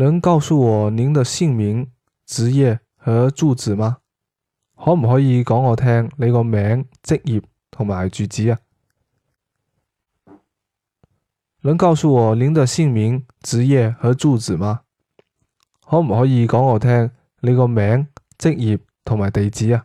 能告訴我您的姓名、職業和住址嗎？可唔可以講我聽你個名、職業同埋住址呀？能告訴我您的姓名、職業和住址嗎？可唔可以講我聽你個名、職業同埋地址呀？